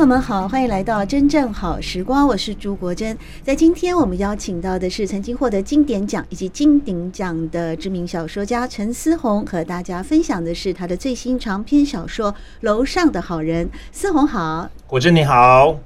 朋友們好，歡迎來到真正好時光，我是朱國珍。在今天，我們邀請到的是曾經獲得經典獎以及金鼎獎的知名小說家陳思宏，和大家分享的是他的最新長篇小說《樓上的好人》。思宏好，國珍你好。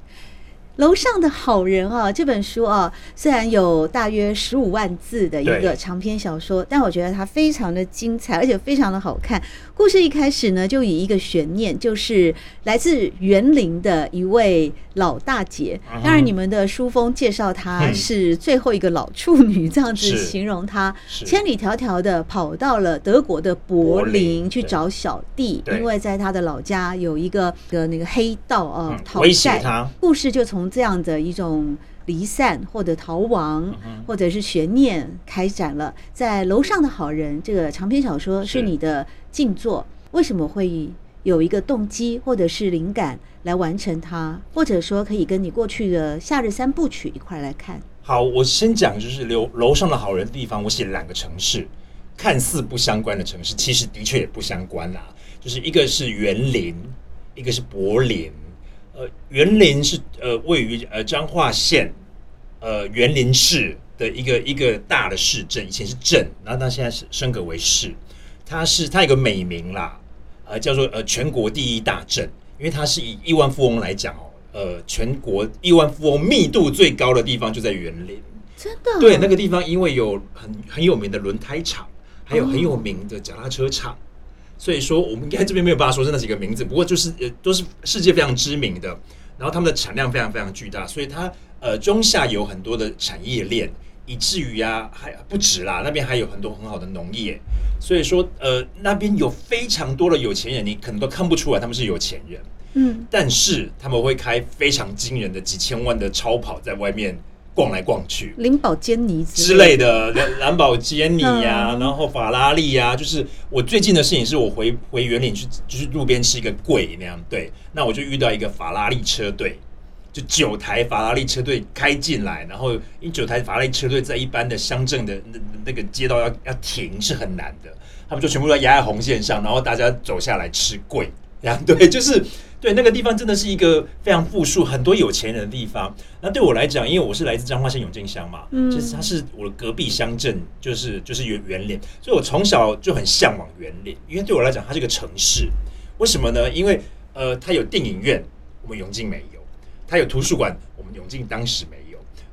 樓上的好人啊，這本書啊，雖然有大約十五萬字的一個長篇小說，對但我覺得它非常的精彩，而且非常的好看。故事一開始呢，就以一個懸念，就是來自員林的一位老大姐。當然，你們的書封介紹她是最後一個老處女，嗯、這樣子形容她，千里迢迢的跑到了德國的柏林去找小弟，因為在他的老家有一個的那個黑道啊、呃嗯，威脅他。故事就從這樣的一種。離散或者逃亡，或者是懸念，開展了在樓上的好人這個長篇小說是你的新作，為什麼會有一個動機或者是靈感來完成它？或者說可以跟你過去的夏日三部曲一塊來看？好，我先講就是樓樓上的好人的地方，我寫兩個城市，看似不相關的城市，其實的確也不相關啦、啊。就是一個是員林，一個是柏林。呃，員林是呃位於呃彰化縣，呃員林市的一個一個大的市鎮，以前是鎮，然後它現在是升格為市。它是它有個美名啦，呃叫做呃全國第一大鎮，因為它是以億萬富翁來講哦，呃全國億萬富翁密度最高的地方就在員林。真的？對，那個地方因為有很很有名的輪胎廠，還有很有名的腳踏車廠。哦所以說，我們應該這邊沒有辦法說，是那幾個名字，不過就是呃，都是世界非常知名的，然後他們的產量非常非常巨大，所以它呃中下游很多的產業鏈，以至於啊還不止啦，那邊還有很多很好的農業。所以說呃，那邊有非常多的有錢人，你可能都看不出來他們是有錢人，嗯，但是他們會開非常驚人的幾千萬的超跑在外面。逛來逛去，林寶堅尼之類的，藍寶堅尼呀、啊，然後法拉利呀、啊。就是我最近的事情，是我回回員林去，就是路邊吃一個貴那樣。對，那我就遇到一個法拉利車隊，就九台法拉利車隊開進來，然後因為九台法拉利車隊在一般的鄉鎮的那那個街道，要要停是很難的，他們就全部都壓在紅線上，然後大家走下來吃貴。對，就是。 對，那個地方真的是一個非常富庶、很多有錢人的地方。那對我來講，因為我是來自彰化縣永靖鄉嘛，嗯，其實它是我的隔壁鄉鎮，就是就是員，員林，所以我從小就很向往員林，因為對我來講，它是個城市。為什麼呢？因為呃，它有電影院，我們永靖沒有；它有圖書館，我們永靖當時沒有。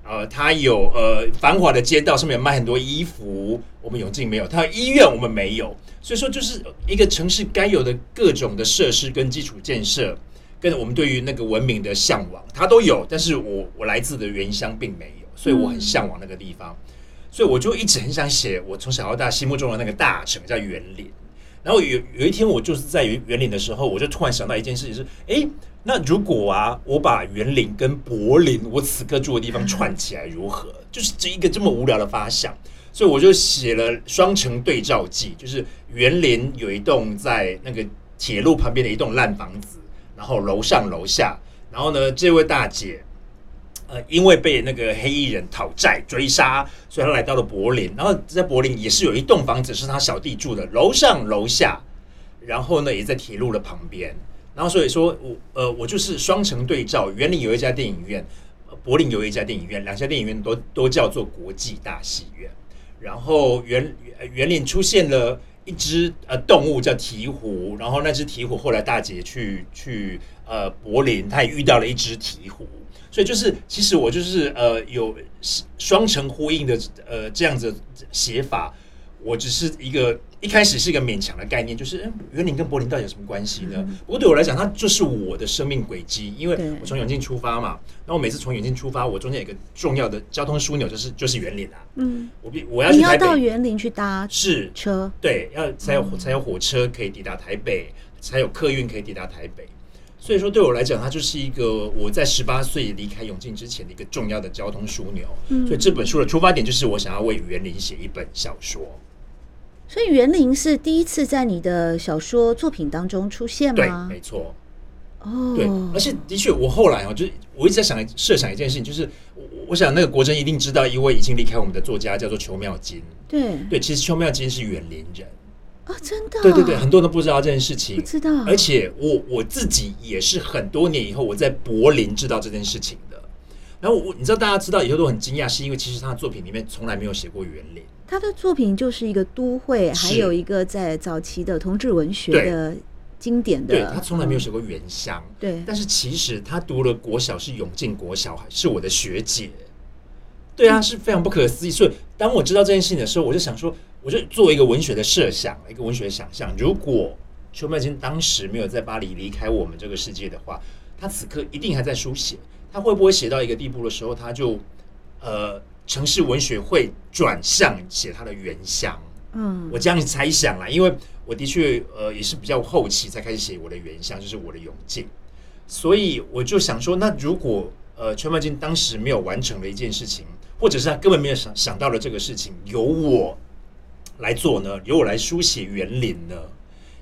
呃，它有呃繁華的街道，上面有賣很多衣服。我們永靖沒有，它有醫院，我們沒有，所以說就是一個城市該有的各種的設施跟基礎建設，跟我們對於那個文明的向往，它都有。但是我我來自的原鄉並沒有，所以我很向往那個地方，嗯、所以我就一直很想寫我從小到大心目中的那個大城叫員林。然後有有一天我就是在員林的時候，我就突然想到一件事情是，誒、欸。那如果啊，我把員林跟柏林，我此刻住的地方串起來如何？嗯、就是這一個這麼無聊的發想，所以我就寫了《雙城對照記》，就是員林有一棟在那個鐵路旁邊的一棟爛房子，然後樓上樓下，然後呢，這位大姐，呃，因為被那個黑衣人討債追殺，所以她來到了柏林，然後在柏林也是有一棟房子是她小弟住的，樓上樓下，然後呢，也在鐵路的旁邊。然後所以說，我呃，我就是雙城對照，員林有一家電影院，柏林有一家電影院，兩家電影院都都叫做國際大戲院。然後員，員林出現了一只呃動物叫鹈鶘，然後那只鹈鶘後來大姐去去呃柏林，她也遇到了一只鹈鶘。所以就是其實我就是呃有雙城呼應的呃這樣子的寫法，我只是一個。一開始是一個勉強的概念，就是，哎，員林跟柏林到底有什麼關係呢？不過、嗯、對我來講，它就是我的生命軌跡，因為我從永靖出發嘛。對然我每次從永靖出發，我中間有一個重要的交通樞紐、就是，就是就是員林啊。嗯，我必我要去你要到員林去搭車是車，對，要才有、嗯、才有火車可以抵達台北，才有客運可以抵達台北。所以說對我來講，它就是一個我在十八歲離開永靖之前的一個重要的交通樞紐。嗯、所以這本書的出發點就是我想要為員林寫一本小說。所以員林是第一次在你的小說作品當中出現嗎？對，沒錯。哦，oh. 對，而且的確，我後來我、啊、就我一直在想設想一件事情，就是我想那個國珍一定知道一位已經離開我們的作家叫做邱妙津。對對，其實邱妙津是員林人啊，oh, 真的。對對對，很多人都不知道這件事情，不知道。而且我我自己也是很多年以後，我在柏林知道這件事情。然後我你知道，大家知道以後都很驚訝，是因為其實他的作品裡面從來沒有寫過員林。他的作品就是一個都會，是還有一個在早期的同志文學的經典的。對，對，他從來沒有寫過原鄉，嗯、對。但是其實他讀了國小是永靖國小，是我的學姐。對啊，嗯、是非常不可思議。所以當我知道這件事情的時候，我就想說，我就作為一個文學的設想，一個文學的想象，如果邱妙津當時沒有在巴黎離開我們這個世界的話，他此刻一定還在書寫。他會不會寫到一個地步的時候，他就，呃，城市文學會轉向寫他的原鄉？嗯，我這樣去猜想啦，因為我的確呃也是比較後期才開始寫我的原鄉，就是我的永靖。所以我就想說，那如果呃，全茂金當時沒有完成的一件事情，或者是他根本沒有想想到的這個事情，由我來做呢，由我來書寫員林呢？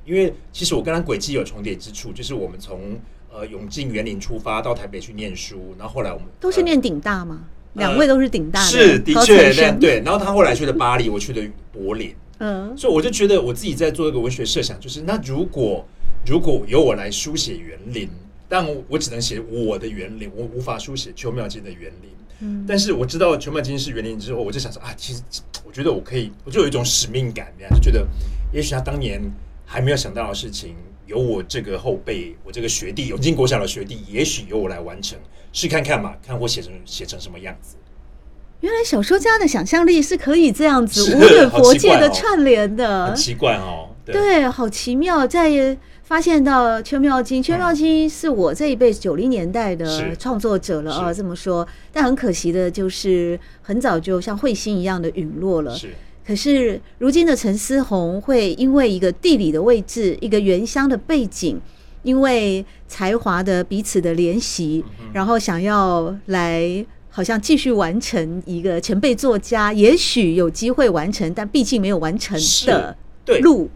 因為其實我跟他軌跡有重疊之處，就是我們從。呃，永靖員林出發到台北去念書，然後後來我們、呃、都是念頂大嗎？呃、兩位都是頂大，是的確這對。然後他後來去了巴黎， 我去了柏林。嗯，所以我就覺得我自己在做一個文學設想，就是那如果如果由我來書寫員林，但我只能寫我的員林，我無法書寫邱妙津的員林。嗯，但是我知道邱妙津是員林之後，我就想說啊，其實我覺得我可以，我就有一種使命感，這樣就覺得，也許他當年還沒有想到的事情。由我這個後輩，我這個學弟永靖國小的學弟，也許由我來完成，試看看嘛，看我寫成寫成什麼樣子。原來小說家的想象力是可以這樣子，無遠弗屆的串聯的、哦，很奇怪哦，對，對，好奇妙。再發現到《邱妙津，邱妙津是我這一輩九零年代的創作者了啊、哦，這麼說。但很可惜的就是，很早就像彗星一樣的隕落了。是。可是，如今的陳思宏會因為一個地理的位置、一個原鄉的背景，因為才華的彼此的聯繫，然後想要來，好像繼續完成一個前輩作家，也許有機會完成，但畢竟沒有完成的路。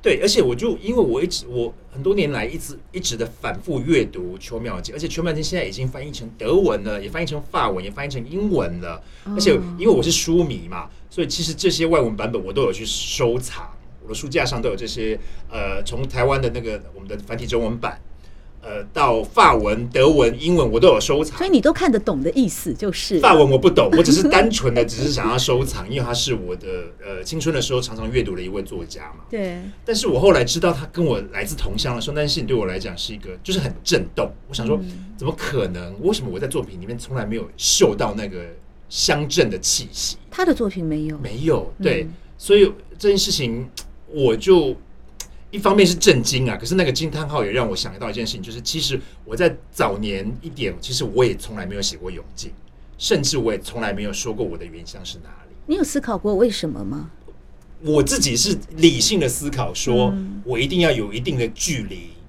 對，而且我就因為我一直我很多年來一直一直的反復閱讀邱妙津，而且邱妙津現在已經翻譯成德文了，也翻譯成法文，也翻譯成英文了。嗯、而且因為我是書迷嘛，所以其實這些外文版本我都有去收藏，我的書架上都有這些。呃，從台灣的那個我們的繁體中文版。呃，到法文、德文、英文，我都有收藏，所以你都看得懂的意思就是。法文我不懂，我只是單純的，只是想要收藏，因為他是我的呃青春的時候常常閱讀的一位作家嘛。對。但是我後來知道他跟我來自同鄉的時候，對我來講是一個，就是很震動。我想說，怎麼可能？為什麼我在作品裡面從來沒有嗅到那個鄉鎮的氣息？他的作品沒有，沒有，對，所以這件事情我就。一方面是震驚啊，可是那個驚嘆號也讓我想到一件事情，就是其實我在早年一點，其實我也從來沒有寫過遊記，甚至我也從來沒有說過我的原鄉是哪裡。你有思考過為什麼嗎？我自己是理性的思考，說我一定要有一定的距離。嗯，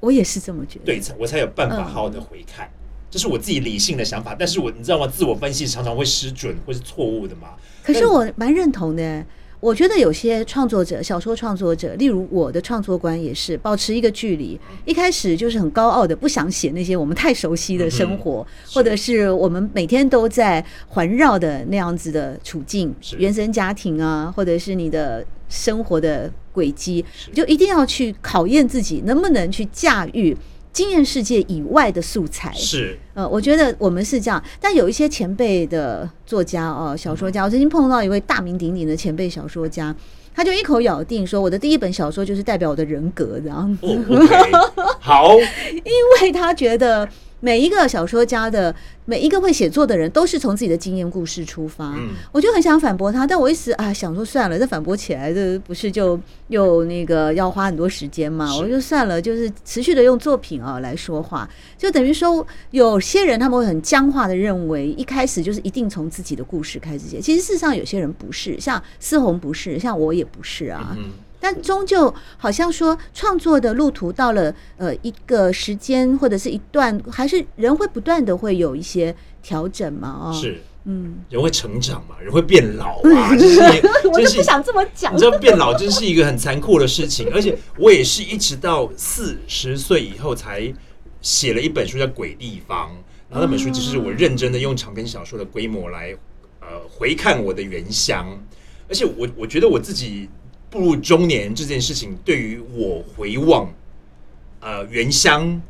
我也是這麼覺得。對，我才有辦法好好的回看，嗯，這是我自己理性的想法。但是我你知道嗎？自我分析常常會失準或是錯誤的嘛。可是我蠻認同的。我覺得有些創作者，小說創作者，例如我的創作觀也是保持一個距離。一開始就是很高傲的，不想寫那些我們太熟悉的生活，或者是我們每天都在環繞的那樣子的處境，原生家庭啊，或者是你的生活的軌跡，就一定要去考驗自己能不能去駕馭。經驗世界以外的素材是呃，我覺得我們是這樣，但有一些前輩的作家啊、哦，小說家，我最近碰到一位大名鼎鼎的前輩小說家，他就一口咬定說，我的第一本小說就是代表我的人格，這樣子，oh, okay. 好，因為他覺得。每一個小說家的每一個會寫作的人，都是從自己的經驗故事出發。我就很想反駁他，但我一時啊想說算了，這反駁起來這不是就又那個要花很多時間嘛？我就算了，就是持續的用作品啊來說話，就等於說有些人他們會很僵化的認為，一開始就是一定從自己的故事開始寫。其實事實上有些人不是，像思宏不是，像我也不是啊。嗯嗯但終究好像說，創作的路途到了呃一個時間或者是一段，還是人會不斷的會有一些調整嘛？哦，是，嗯，人會成長嘛，人會變老嘛、啊 就是。就是，我就不想這麼講，你知道變老真是一個很殘酷的事情， 而且我也是一直到四十歲以後才寫了一本書叫《鬼地方》，然後那本書就是我認真的用長篇小說的規模來呃回看我的原鄉，而且我我覺得我自己。步入中年這件事情，對於我回望，呃，原鄉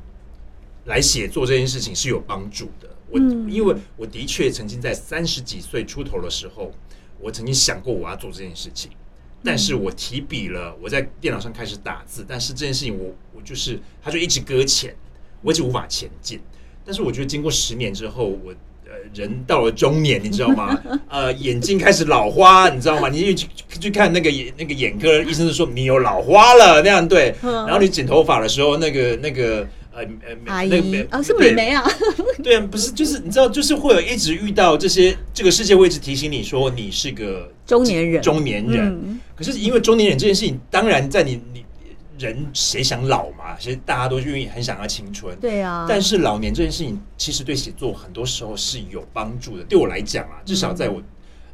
來寫作這件事情是有幫助的。我因為我的確曾經在三十幾歲出頭的時候，我曾經想過我要做這件事情，但是我提筆了，我在電腦上開始打字，嗯。但是這件事情我我就是它就一直擱淺，我一直無法前進。但是我覺得經過十年之後，我。人到了中年，你知道嗎？ 呃，眼睛開始老花，你知道嗎？你去去去看那個眼那個眼科醫生，就說你有老花了，那樣對。嗯、然後你剪頭髮的時候，那個那個呃呃，阿姨、那個、啊，是美眉啊， 對啊，不是就是你知道，就是會有一直遇到這些，這個世界會一直提醒你說你是個中年人，中年人。嗯、可是因為中年人這件事情，當然在你。人誰想老嘛？其實大家都願意很想要青春，對啊。但是老年這件事情，其實對寫作很多時候是有幫助的。對我來講啊，至少在我、嗯、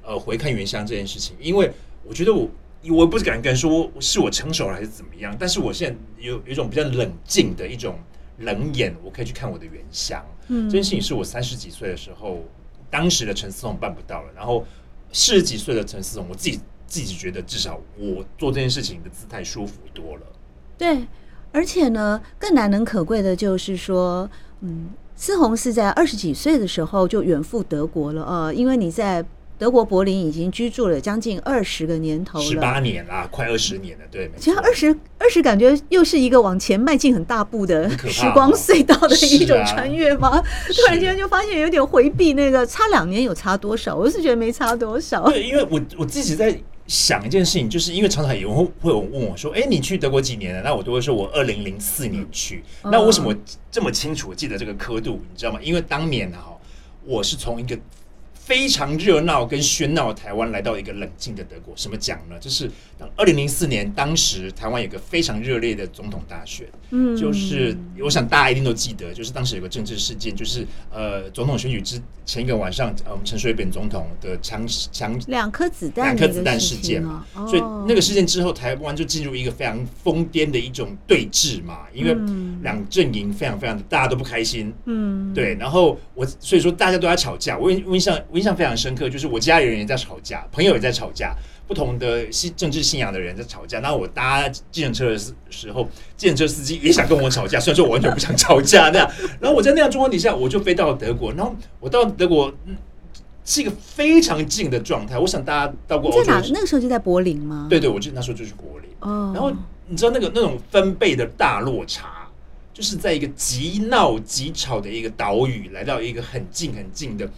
呃回看原鄉這件事情，因為我覺得我我也不是敢敢說是我成熟了還是怎麼樣，但是我現在有有一種比較冷靜的一種冷眼，我可以去看我的原鄉。嗯，這件事情是我三十幾歲的時候，當時的陳思宏辦不到了，然後四十幾歲的陳思宏，我自己自己覺得至少我做這件事情的姿態舒服多了。對，而且呢，更難能可貴的就是說，嗯，思宏是在二十幾歲的時候就遠赴德國了呃，因為你在德國柏林已經居住了將近二十個年頭了，十八年啦，嗯、快二十年了，對。其實二十二十，感覺又是一個往前邁進很大步的時光隧道的一種穿越嗎？啊啊、突然間就發現有點回避那個差兩年有差多少，我是覺得沒差多少。對，因為我我自己在。想一件事情，就是因為常常有人會問我說：“哎、欸，你去德國幾年了？”那我都會說：“我二零零四年去。”那為什麼這麼清楚記得這個刻度？你知道嗎？Oh. 因為當年呢，哈，我是從一個。非常熱鬧跟喧鬧的台灣來到一個冷靜的德國，什麼講呢？就是二零零四年，當時台灣有一個非常熱烈的總統大選，嗯，就是我想大家一定都記得，就是當時有個政治事件，就是呃，總統選舉之前一個晚上，呃，我們陳水扁總統的槍槍兩顆子彈兩顆子彈事件嘛，哦，所以那個事件之後，台灣就進入一個非常瘋癲的一種對峙嘛，因為兩陣營非常非常的大，大家都不開心，嗯，對，然後我所以說大家都在吵架，我問問一下。我印象非常深刻，就是我家裡人也在吵架，朋友也在吵架，不同的信政治信仰的人在吵架。然後我搭計程車的時候，計程車司機也想跟我吵架， 雖然說我完全不想吵架 那樣。然後我在那樣狀況底下，我就飛到了德國。然後我到德國、嗯、是一個非常靜的狀態。我想大家到過歐洲在哪？那個時候就在柏林嗎？對對，我就那時候就是柏林。嗯，oh. 然後你知道那個那種分貝的大落差，就是在一個極鬧極吵的一個島嶼，來到一個很靜很靜的。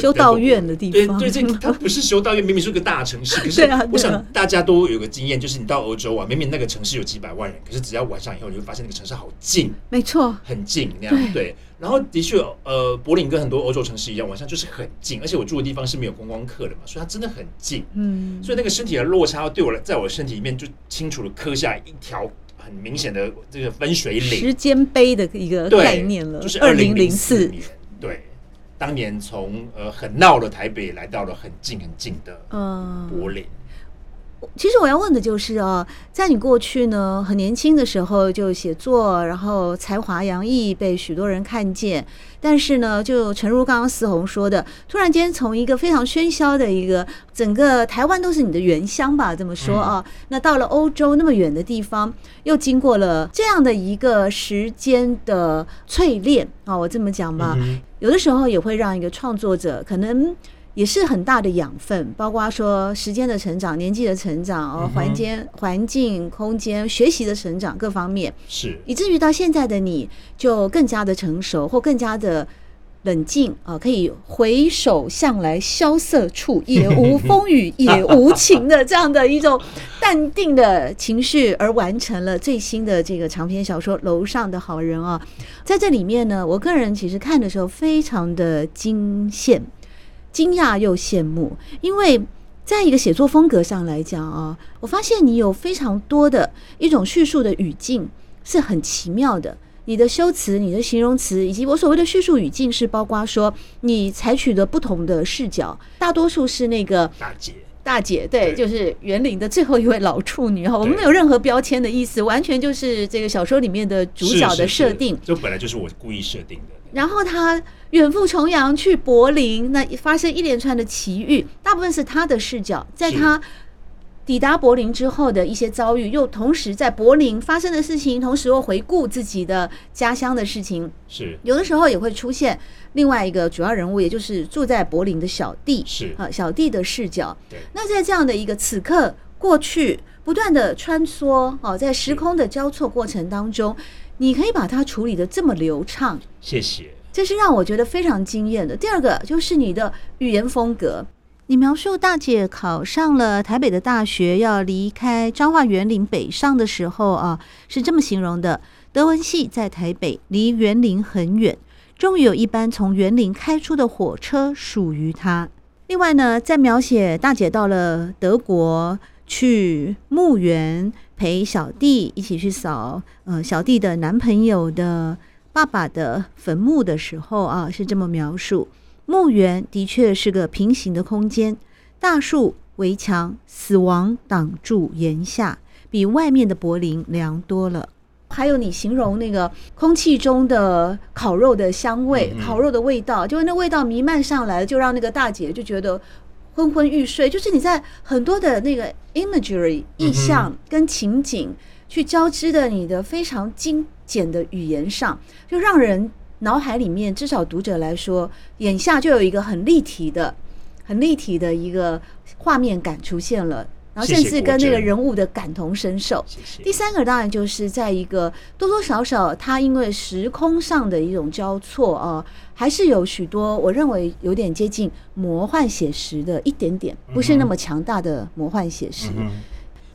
修道院的地方對，對對，它不是修道院，明明是一個大城市。可是我想大家都有個經驗，就是你到歐洲啊，明明那個城市有幾百萬人，可是只要晚上以後，你就會發現那個城市好靜。沒錯錯，很靜那樣。對，對，然後的確，呃，柏林跟很多歐洲城市一樣，晚上就是很靜，而且我住的地方是沒有觀光客的嘛，所以它真的很靜，嗯，所以那個身體的落差對我來，在我身體裡面就清楚的刻下一條很明顯的這個分水嶺，時間碑的一個概念了，就是二零零四年。當年從呃很鬧的台北，來到了很近很近的嗯，柏林，uh。其實我要問的就是哦，在你過去呢，很年輕的時候就寫作，然後才華洋溢，被許多人看見。但是呢，就誠如剛剛思宏說的，突然間從一個非常喧囂的一個整個台灣都是你的原鄉吧，這麼說啊，那到了歐洲那麼遠的地方，又經過了這樣的一個時間的淬煉啊，我這麼講吧，有的時候也會讓一個創作者可能。也是很大的養分，包括說時間的成長、年紀的成長、哦，環境、環境空間、學習的成長各方面，是、mm hmm. 以至於到現在的你就更加的成熟或更加的冷靜啊、呃，可以回首向來蕭瑟處，也無風雨 也無晴的這樣的一種淡定的情緒， 而完成了最新的這個長篇小說《樓上的好人》啊、哦，在這裡面呢，我個人其實看的時候非常的驚羨。驚訝又羨慕，因為在一個寫作風格上來講啊，我發現你有非常多的一種敘述的語境是很奇妙的。你的修辭、你的形容詞，以及我所謂的敘述語境，是包括說你採取的不同的視角，大多數是那個大姐，大姐，對，對就是員林的最後一位老處女哈。對我們沒有任何標籤的意思，完全就是這個小說裡面的主角的設定，就本來就是我故意設定的。然後他。遠赴重洋去柏林，那發生一連串的奇遇，大部分是他的視角，在他抵達柏林之後的一些遭遇，是又同時在柏林發生的事情，同時又回顧自己的家鄉的事情。是有的時候也會出現另外一個主要人物，也就是住在柏林的小弟。是啊，小弟的視角。對。那在這樣的一個此刻過去不斷的穿梭哦、啊，在時空的交錯過程當中，對你可以把它處理得這麼流暢。謝謝。這是讓我覺得非常驚艷的。第二個就是你的語言風格，你描述大姐考上了台北的大學，要離開彰化員林北上的時候啊，是這麼形容的：德文系在台北，離員林很遠。終於有一班從員林開出的火車屬於她。另外呢，在描寫大姐到了德國去墓園陪小弟一起去掃，呃，小弟的男朋友的爸爸的墳墓的時候啊，是這麼描述：墓園的確是個平行的空間，大樹、圍牆、死亡擋住檐下，比外面的柏林涼多了。還有你形容那個空氣中的烤肉的香味，嗯嗯，烤肉的味道，就是那味道彌漫上來，就讓那個大姐就覺得昏昏欲睡。就是你在很多的那個 imagery 意象跟情景，嗯嗯去交織的，你的非常精。簡的語言上，就讓人腦海裡面，至少讀者來說，眼下就有一個很立體的、很立體的一個畫面感出現了，然後甚至跟那個人物的感同身受。謝謝謝謝。第三個當然就是在一個多多少少，他因為時空上的一種交錯啊，還是有許多我認為有點接近魔幻寫實的一點點，不是那麼強大的魔幻寫實。嗯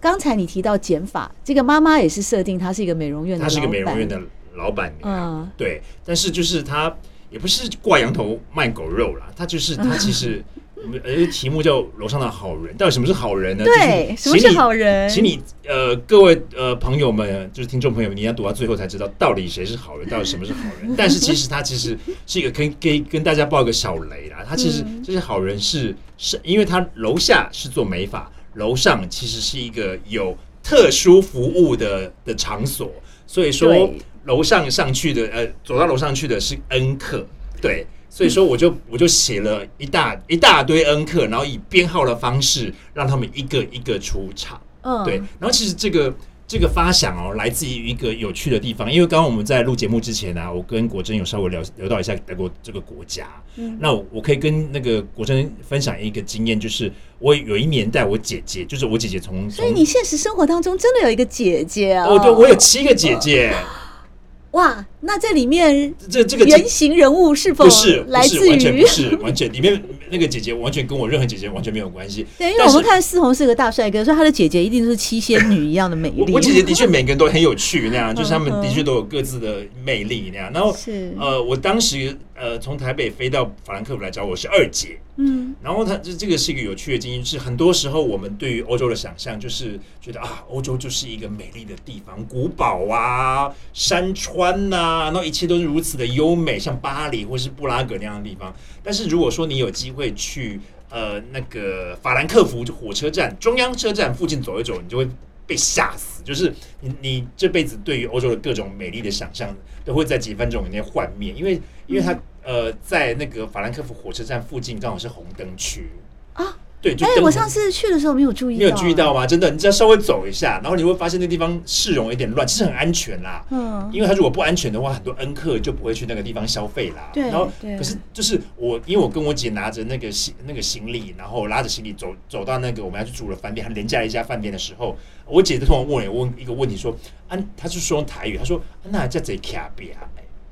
剛才你提到減法，這個媽媽也是設定她是一個美容院，她是一個美容院的老闆娘。娘嗯、對，但是就是她也不是掛羊頭賣狗肉啦，她就是她其實呃、嗯欸、題目叫樓上的好人，到底什麼是好人呢？對，什麼是好人？請你呃各位呃朋友們，就是聽眾朋友們，你要讀到最後才知道到底誰是好人，到底什麼是好人。嗯、但是其實她其實是一個可以可以跟大家爆一個小雷啦，她其實這些、就是、好人是是因為她樓下是做美髮。樓上其實是一個有特殊服務的的場所，所以說樓上上去的，對呃，走到樓上去的是恩客，對，所以說我就、嗯、我就寫了一大一大堆恩客，然後以編號的方式讓他們一個一個出場，嗯，對，然後其實這個。這個發想哦，來自於一個有趣的地方，因為剛剛我們在錄節目之前啊，我跟國珍有稍微聊聊到一下德國這個國家。嗯、那我，我可以跟那個國珍分享一個經驗，就是我有一年帶我姐姐，就是我姐姐從所以你現實生活當中真的有一個姐姐啊，哦？我，哦、對，我有七個姐姐。哦、哇，那在裡面這這個原型人物是否是來自於？這個，不是，不是完全，是完全裡面。 那個姐姐完全跟我任何姐姐完全沒有關係。對，因為是我們看思宏是個大帥哥，所以他的姐姐一定是七仙女一樣的美麗。我姐姐的確每個人都很有趣那樣， 就是他們的確都有各自的魅力那樣。然後，是呃，我當時。呃，從台北飛到法蘭克福來找我，是二姐。嗯，然後他這這個是一個有趣的經驗，是很多時候我們對於歐洲的想象，就是覺得啊，歐洲就是一個美麗的地方，古堡啊、山川吶、啊，然後一切都是如此的優美，像巴黎或是布拉格那樣的地方。但是如果說你有機會去呃那個法蘭克福就火車站中央車站附近走一走，你就會被嚇死，就是你你這輩子對於歐洲的各種美麗的想象，都會在幾分鐘裡面幻滅，因為因為他、嗯。呃，在那個法蘭克福火車站附近，剛好是紅燈區啊。對，是、欸、我上次去的時候沒有注意、啊，沒有注意到嗎？真的，你只要稍微走一下，然後你會發現那個地方市容有點亂，其實很安全啦。嗯，因為它如果不安全的話，很多恩客就不會去那個地方消費啦。對，然後，可是就是我，因為我跟我姐拿着那個行那個行李，然後拉着行李走走到那個我們要去住的飯店，廉價一家飯店的時候，我姐就突然問了問一個問題，說：“安、啊，他是說台語，他說那叫這卡比啊。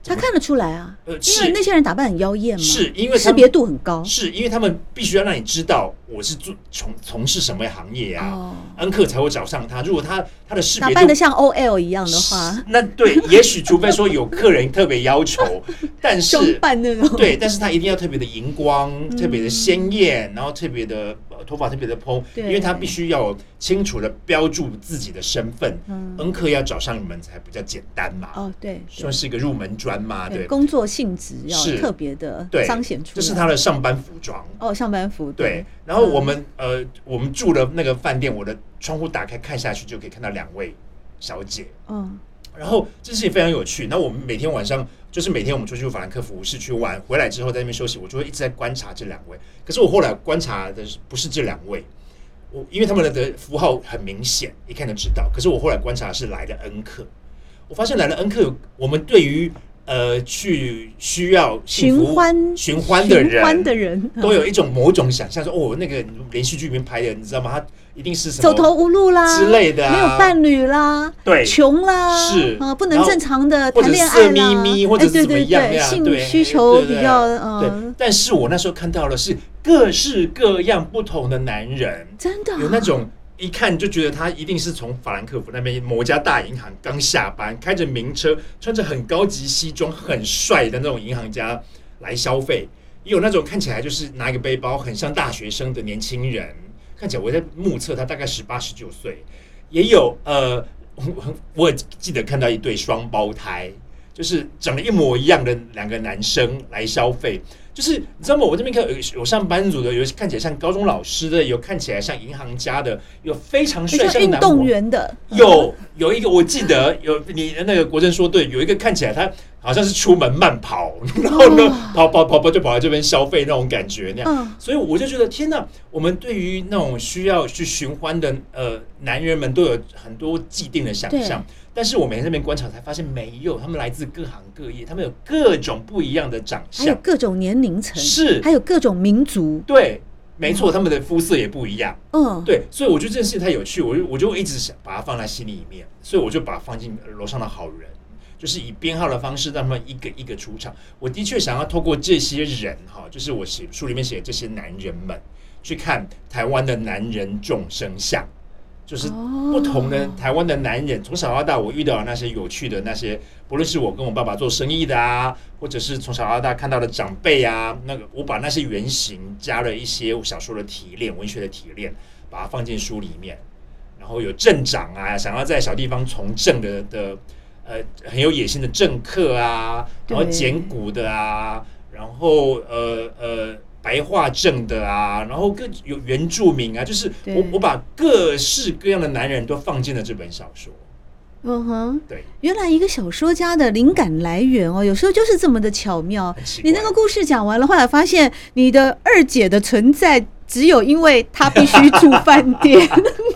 他看得出來啊，呃、是因為那些人打扮很妖艷嘛，是因為識別度很高，是因為他們必須要讓你知道。我是做從從事什麼行業呀？恩客才會找上他。如果他他的事別打扮的像 OL 一樣的話，那對，也許除非說有客人特別要求，但是對，但是他一定要特別的熒光，特別的鮮豔，然後特別的頭髮特別的蓬，因為他必須要清楚的標註自己的身份。恩客要找上你們才比較簡單嘛。哦，對，算是一個入門磚嘛。對，工作性質要特別的彰顯出。這是他的上班服裝哦，上班服對，然後。然後我們呃，我們住的那個飯店，我的窗戶打開看下去，就可以看到兩位小姐。嗯，然後這事情非常有趣。那我們每天晚上，就是每天我們出去法蘭克福市區玩，回來之後在那邊休息，我就會一直在觀察這兩位。可是我後來觀察的不是這兩位，我因為他們的符號很明顯，一看就知道。可是我後來觀察是來的恩客，我發現來了恩客，我們對於。呃，去需要尋歡尋歡的人，都有一種某種想象說，哦，那個連續劇裡面拍的，你知道嗎？他一定是什麼走投無路啦之類的，沒有伴侶啦，對，窮啦，是啊，不能正常的談戀愛啦，色咪咪或者怎麼樣，對對對，性需求比較啊。對，但是我那時候看到的是各式各樣不同的男人，真的有那種。一看就覺得他一定是從法蘭克福那邊某家大銀行剛下班，開着名車，穿着很高級西裝、很帥的那種銀行家來消費；也有那種看起來就是拿一個背包，很像大學生的年輕人，看起來我在目測他大概十八、十九歲；也有呃，我，我也記得看到一對雙胞胎，就是長得一模一樣的兩個男生來消費。就是你知道嗎？我這邊看有有上班族的，有看起來像高中老師的，有看起來像銀行家的，有非常帥像運動員的，有有一個我記得有你的那個國珍說，對，有一個看起來他。好像是出門慢跑，然後呢跑，oh. 跑跑跑，就跑來這邊消費那種感覺那樣，uh. 所以我就覺得天吶，我們對於那種需要去尋歡的呃男人們，都有很多既定的想象。對但是，我每天在那邊觀察才發現沒有，他們來自各行各業，他們有各種不一樣的長相，還有各種年齡層，是還有各種民族，對，沒錯，他們的膚色也不一樣。嗯，uh. 對，所以我覺得這件事情太有趣，我就我就一直想把它放在心裡面，所以我就把它放進樓上的好人。就是以編號的方式讓他們一個一個出場。我的確想要透過這些人，哈，就是我寫書裡面寫的這些男人們，去看台灣的男人眾生相，就是不同的台灣的男人。從小到大，我遇到的那些有趣的那些，不論是我跟我爸爸做生意的啊，或者是從小到大看到的長輩啊，那個我把那些原型加了一些小說的提煉、文學的提煉，把它放進書裡面。然後有鎮長啊，想要在小地方從政的的。呃，很有野心的政客啊，然後簡古的啊，對然後呃呃白化症的啊，然後各有原住民啊，就是我對我把各式各樣的男人都放進了這本小說。嗯哼，對，原來一個小說家的靈感來源哦，有時候就是這麼的巧妙。你那個故事講完了，後來發現你的二姐的存在，只有因為她必須住飯店。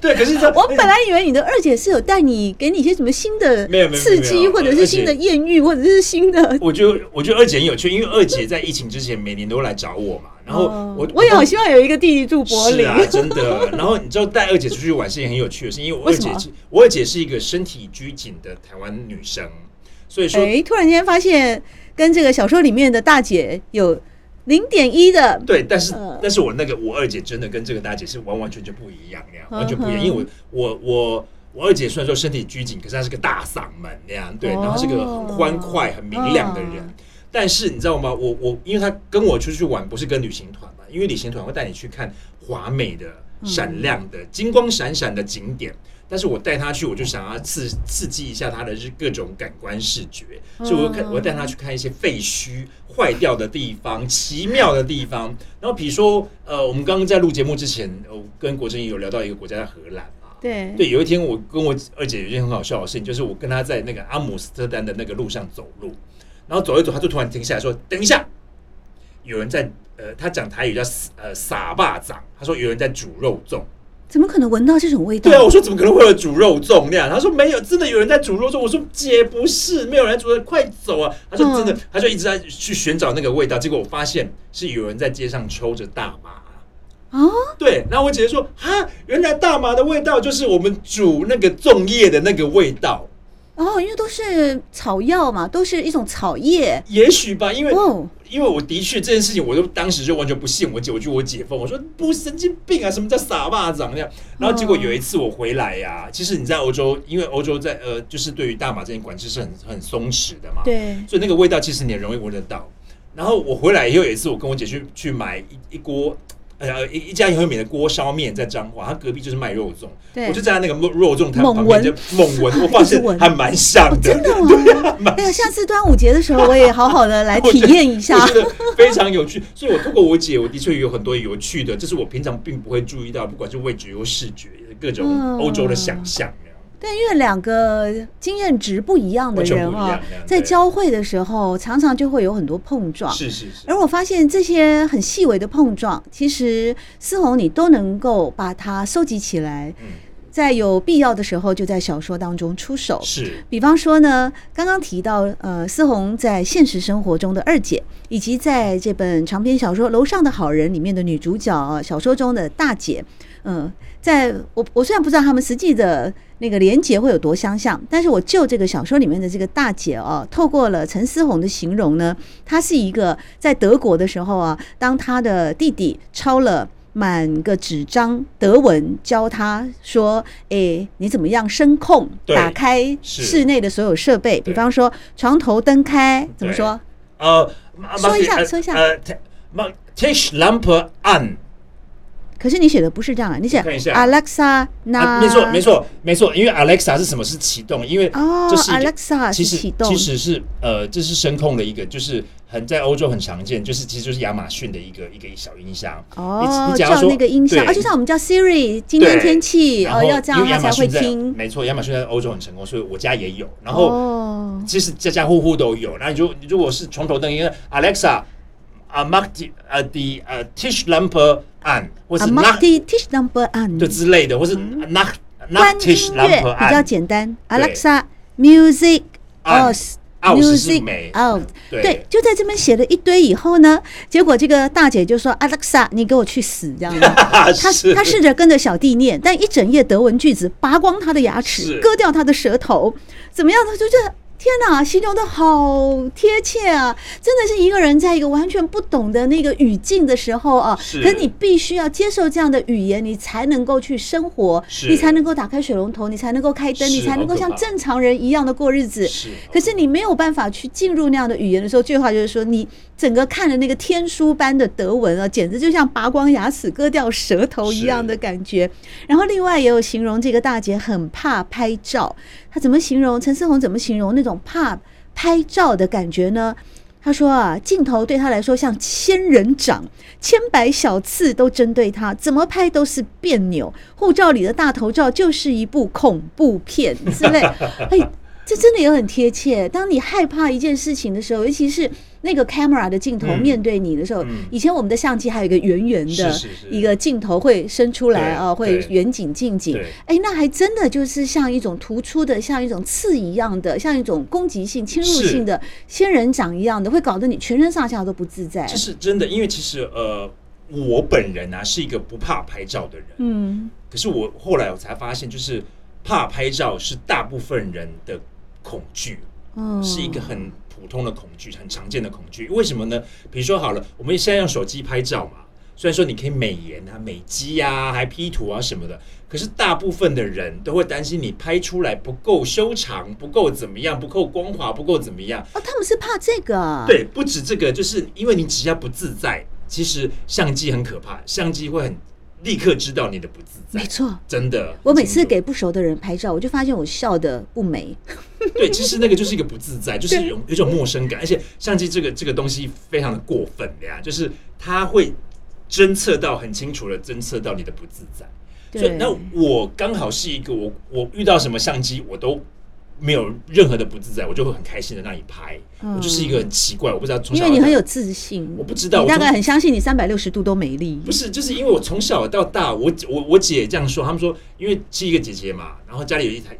對，可是我本來以為你的二姐是有帶你給你一些什麼新的刺激、哎、或者是新的豔遇二姐、或者是新的，我覺得我覺得二姐很有趣，因為二姐在疫情之前每年都來找我嘛，哦、然後我我也好希望有一個弟弟住柏林，是啊、真的。 然後你知道帶二姐出去玩是也很有趣的事，因為我二姐我二姐是一個身體拘謹的台灣女生，所以說哎，突然間發現跟這個小說裡面的大姐有。零點一的。對，但是但是我那個我二姐真的跟這個大姐是完完全全不一樣那樣，完全不一樣，因為我我我我二姐雖然說身體拘謹，可是她是個大嗓門那樣，對，哦、然後她是個很歡快、很明亮的人。嗯、但是你知道嗎？我我因為她跟我出去玩不是跟旅行團嘛，因為旅行團會帶你去看華美的、閃亮的、嗯、金光閃閃的景點。但是我帶他去，我就想要刺刺激一下他的各種感官視覺，嗯、所以我，我看我帶他去看一些廢墟、壞掉的地方、嗯、奇妙的地方。然後，比如說，呃，我們剛剛在錄節目之前，我跟國珍也有聊到一個國家叫荷蘭嘛。對對，有一天我跟我二姐有一件很好笑的事情，就是我跟他在那個阿姆斯特丹的那個路上走路，然後走一走，他就突然停下來說：“等一下，有人在呃，他講台語叫呃撒，撒霸掌。”他說：“有人在煮肉粽。”怎麼可能聞到這種味道？對啊，我說怎麼可能會有煮肉粽那樣？他說沒有，真的有人在煮肉粽。我說姐不是，沒有人在煮的，快走啊！他說真的，嗯、他就一直在去尋找那個味道，結果我發現是有人在街上抽着大麻啊！對，然後我姐姐說啊，原來大麻的味道就是我們煮那個粽葉的那個味道。哦，oh, 因為都是草藥嘛，都是一種草葉。也許吧，因為、oh. 因為我的確這件事情我，我就當時就完全不信我姐，我就我姐夫，我說不神經病啊，什麼叫傻巴怎麼樣。然後結果有一次我回來呀、啊，oh. 其實你在歐洲，因為歐洲在呃，就是對於大麻這件管制是很很鬆弛的嘛，對，所以那個味道其實你也容易聞得到。然後我回來以後有一次我跟我姐去去買一一鍋。哎呀、呃，一一家很有名的鍋燒麵在彰化，他隔壁就是賣肉粽，對我就在，在那個肉肉粽台旁邊文就猛聞，我發現還蠻像的，哦。真的嗎？對啊，下、欸、次端午節的時候，我也好好的來體驗一下，非常有趣。所以，我透過我姐， 我的確有很多有趣的，這是我平常並不會注意到，不管是味覺或視覺，各種歐洲的想象。嗯對，因為兩個經驗值不一樣的人樣啊，在交匯的時候，對常常就會有很多碰撞。是是是。而我發現這些很細微的碰撞，其實思宏你都能夠把它收集起來。嗯在有必要的時候，就在小說當中出手。是，比方說呢，剛剛提到呃，思宏在現實生活中的二姐，以及在這本長篇小說《樓上的好人》裡面的女主角，啊，小說中的大姐。嗯、呃，在我我雖然不知道他們實際的那個連結會有多相像，但是我就這個小說裡面的這個大姐哦，啊，透過了陳思宏的形容呢，她是一個在德國的時候啊，當她的弟弟超了。滿個紙張德文教他說：“欸、你怎麼樣聲控打開室內的所有設備？比方說床頭燈開，對怎麼說？”呃，uh, 說一下，uh, 說一下，呃、uh, Tischlampe an 可是你寫的不是這樣，你寫 Alexa。那，沒錯，沒錯，沒錯。因為 Alexa 是什麼？是啟動，因為哦，Alexa 是啟動，其實是呃，這是聲控的一個，就是很在歐洲很常見，就是其實就是亞馬遜的一個一個小音箱哦。你叫那個音箱，就像我們叫 Siri，今天天氣哦，要這樣它才會聽。沒錯，亞馬遜在歐洲很成功，所以我家也有。然後其實家家戶戶都有。那如就如果是床頭燈，因為 Alexa 阿 Mark 啊，The 呃 Tish l u m p e r 案，或是 Nachtisch number one，就之類的，或是 Nachtisch number one，關音樂比較簡單，Alexa music aus music aus。對，就在這邊寫了一堆以後呢，結果這個大姐就說：“Alexa，你給我去死！”這樣子，她她試着跟着小弟念，但一整頁德文句子，拔光他的牙齒，割掉他的舌頭，怎麼樣呢？他就這。天哪，形容的好貼切啊！真的是一個人在一個完全不懂的那個語境的時候啊，可你必須要接受這樣的語言，你才能夠去生活，你才能夠打開水龍頭，你才能夠開燈，你才能夠像正常人一樣的過日子。可是你沒有辦法去進入那樣的語言的時候，這句話就是說你。整個看了那個天書般的德文啊，簡直就像拔光牙齒、割掉舌頭一樣的感覺。是然後另外也有形容這個大姐很怕拍照，她怎麼形容？陳思宏怎麼形容那種怕拍照的感覺呢？他說啊，鏡頭對他來說像仙人掌，千百小刺都針對他，怎麼拍都是彆扭。護照裡的大頭照就是一部恐怖片之類。 哎這真的也很貼切。當你害怕一件事情的時候，尤其是那個 camera 的鏡頭面對你的時候，嗯嗯、以前我們的相機還有一個圓圓的一個鏡頭會伸出來啊，會遠景、近景，哎，那還真的就是像一種突出的，像一種刺一樣的，像一種攻擊性、侵入性的仙人掌一樣的，是會搞得你全身上下都不自在。這是，是真的，因為其實呃，我本人啊是一個不怕拍照的人，嗯，可是我後來我才發現，就是怕拍照是大部分人的。恐懼，嗯，是一個很普通的恐懼，很常見的恐懼。為什麼呢？比如說好了，我們現在用手機拍照嘛，雖然說你可以美顏啊、美肌啊、還 P 圖啊什麼的，可是大部分的人都會擔心你拍出來不夠修長、不夠怎麼樣、不夠光滑、不夠怎麼樣。哦，他們是怕這個。對，不止這個，就是因為你只要不自在，其實相機很可怕，相機會很。立刻知道你的不自在，沒錯，真的。我每次給不熟的人拍照，我就發現我笑得不美。對，其實那個就是一個不自在， 就是有有一種陌生感，而且相機這個這個東西非常的過分的呀，就是它會偵測到，很清楚的偵測到你的不自在。對，所以那我剛好是一個，我我遇到什麼相機我都沒有任何的不自在，我就會很開心的讓你拍。嗯，我就是一個很奇怪，我不知道，因為你很有自信，我不知道。我大概很相信你三百六十度都美麗。不是，就是因為我從小到大，我我我姐這樣說，他們說，因為是一個姐姐嘛，然後家裡有一台，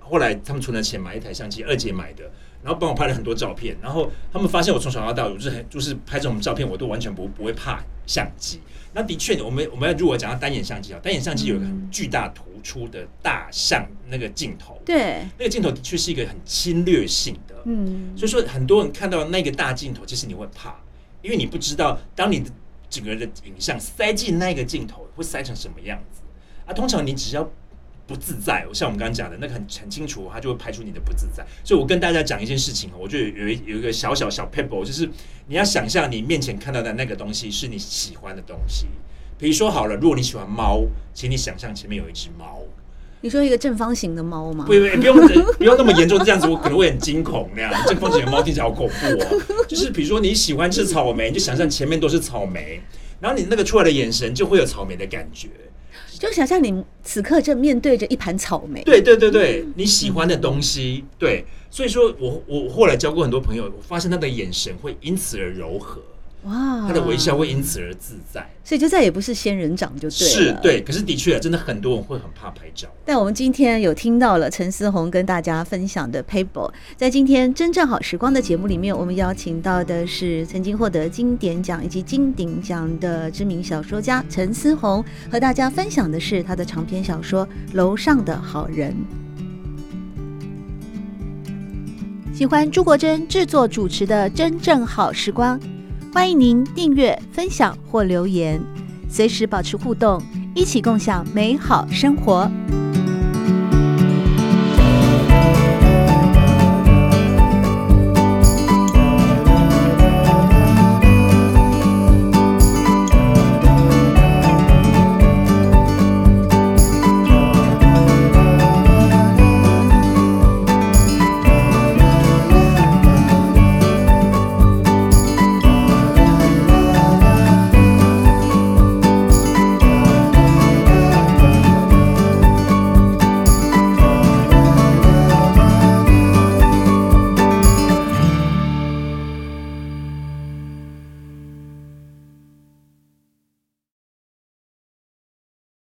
後來他們存了錢買一台相機，二姐買的。然後幫我拍了很多照片，然後他們發現我從小到大，就是很，就是拍這種照片，我都完全不不會怕相機。那的確，我們我們如果講到單眼相機啊，單眼相機有一個很巨大突出的大像那個鏡頭，對、嗯，那個鏡頭的確是一個很侵略性的，嗯，所以說很多人看到那個大鏡頭，其實你會怕，因為你不知道，當你的整個的影像塞進那個鏡頭，會塞成什麼樣子啊？通常你只要。不自在，像我們剛剛講的那個很很清楚，它就會排除你的不自在。所以我跟大家講一件事情，我就有有一個小小小撇步，就是你要想象你面前看到的那個東西是你喜歡的東西。比如說好了，如果你喜歡貓，請你想象前面有一隻貓。你說一個正方形的貓嗎？不不，不用不用那麼嚴重這樣子，我可能會很驚恐那樣。正方形的貓聽起來好恐怖哦。就是比如說你喜歡吃草莓，你就想象前面都是草莓，然後你那個出來的眼神就會有草莓的感覺。就想象你此刻正面對着一盤草莓，對對對對，你喜歡的東西，嗯、對，所以說我我後來交過很多朋友，我發現他的眼神會因此而柔和。哇，wow, 他的微笑會因此而自在，所以就再也不是仙人掌就對了。是對，可是的確，真的很多人會很怕拍照。但我們今天有聽到了陳思宏跟大家分享的 paper。在今天《真正好時光》的節目裡面，我們邀請到的是曾經獲得金典獎以及金鼎獎的知名小說家陳思宏，和大家分享的是他的長篇小說《樓上的好人》。喜歡朱國珍製作主持的《真正好時光》。歡迎您訂閱、分享或留言，隨時保持互動，一起共享美好生活。